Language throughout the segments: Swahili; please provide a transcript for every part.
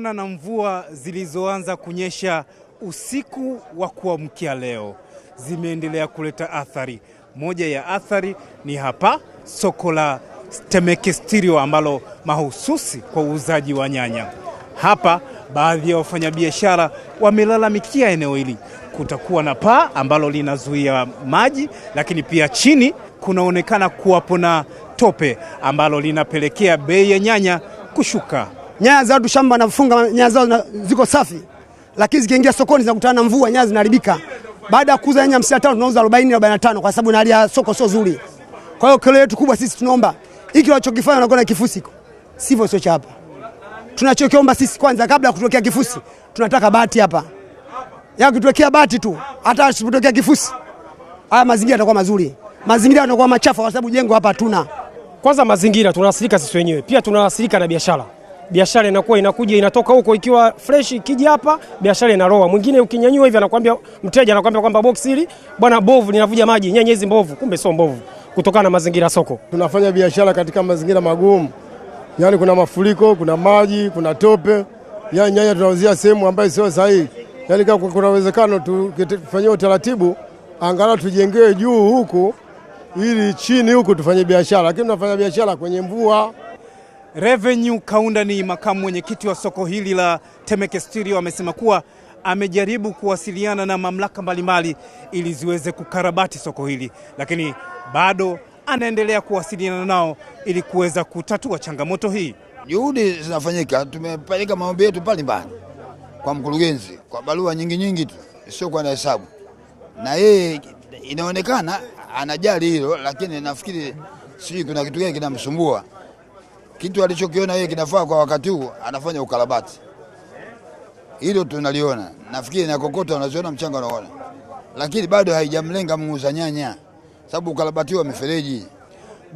kutokana na mvua zilizoanza kunyesha usiku wa kuamkia leo zimeendelea kuleta athari. Moja ya athari ni hapa soko la Temeke Stereo ambalo mahususi kwa uuzaji wa nyanya. Hapa baadhi ya wafanyabiashara wamelalamikia eneo hili kutakuwa na paa ambalo linazuia maji, lakini pia chini kunaonekana kuwapo na tope ambalo linapelekea bei ya nyanya kushuka. Nyaya za watu shamba wanafunga nyaya zao ziko safi, lakini zikiingia sokoni zinakutana na mvua, nyaya zinaharibika. Baada ya kuuza nyanya 55 tunauza 40 45, kwa sababu hali ya soko sio nzuri. Kwa hiyo kero yetu kubwa sisi tunaomba hiki wanachokifanya wanakuwa na kifusi, sivyo, sio cha hapa. Tunachokiomba sisi kwanza, kabla ya kutokea kifusi, tunataka bati hapa ya kutokea bati tu, hata asipotokea kifusi, haya mazingira yatakuwa mazuri. Mazingira yanakuwa machafu kwa sababu jengo hapa hatuna. Kwanza mazingira tunaathirika sisi wenyewe, pia tunaathirika na biashara biashara inakuwa inakuja inatoka huko ikiwa fresh, ikija hapa biashara inaroa. Mwingine ukinyanyua hivi anakuambia, mteja anakuambia kwamba box hili bwana bovu linavuja maji, nyenye hizi mbovu, kumbe sio mbovu, kutokana na mazingira soko. Tunafanya biashara katika mazingira magumu, yani kuna mafuriko, kuna maji, kuna tope, yani nyanya tunauzia sehemu ambayo sio sahihi. Yani kama kuna uwezekano tufanyie utaratibu, angalau tujengewe juu huku ili chini huku tufanye biashara, lakini tunafanya biashara kwenye mvua. Revenue ni makamu mwenyekiti wa soko hili la Temeke Steel, amesema kuwa amejaribu kuwasiliana na mamlaka mbalimbali ili ziweze kukarabati soko hili, lakini bado anaendelea kuwasiliana nao ili kuweza kutatua changamoto hii. Juhudi zinafanyika, tumepeleka maombi yetu pale mbali kwa mkurugenzi kwa barua nyingi nyingi tu, sio kwa na hesabu, na yeye inaonekana anajali hilo, lakini nafikiri sijui kuna kitu gani kinamsumbua kitu alichokiona yeye kinafaa kwa wakati huu, anafanya ukarabati. Hilo tunaliona, nafikiri na kokoto unaziona mchanga anaona, lakini bado haijamlenga muuza nyanya, sababu ukarabati wa mifereji.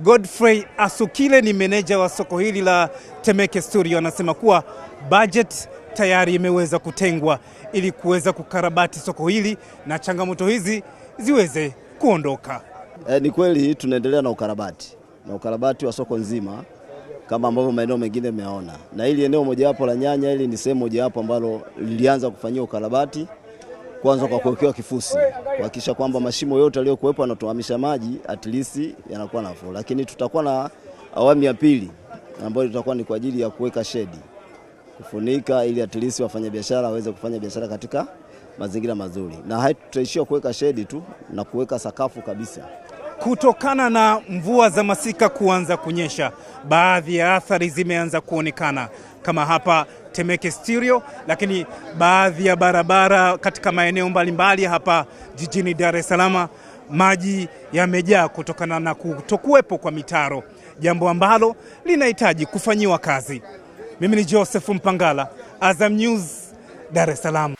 Godfrey Asukile ni meneja wa soko hili la Temeke Studio, anasema kuwa budget tayari imeweza kutengwa ili kuweza kukarabati soko hili na changamoto hizi ziweze kuondoka. E, ni kweli tunaendelea na ukarabati na ukarabati wa soko nzima kama ambavyo maeneo mengine mmeona, na hili eneo mojawapo la Nyanya hili ni sehemu mojawapo ambalo lilianza kufanyiwa ukarabati kwanza kwa kuwekewa kifusi kuhakikisha kwamba mashimo yote yaliyokuwepo yanatuhamisha maji at least yanakuwa nafuu, lakini tutakuwa na awamu ya pili ambayo itakuwa ni kwa ajili ya kuweka shedi kufunika, ili at least wafanyabiashara waweze kufanya biashara katika mazingira mazuri, na hatutaishia kuweka shedi tu na kuweka sakafu kabisa. Kutokana na mvua za masika kuanza kunyesha, baadhi ya athari zimeanza kuonekana kama hapa Temeke Stereo, lakini baadhi ya barabara katika maeneo mbalimbali hapa jijini Dar es Salaam maji yamejaa kutokana na kutokuwepo kwa mitaro, jambo ambalo linahitaji kufanyiwa kazi. Mimi ni Joseph Mpangala, Azam News, Dar es Salaam.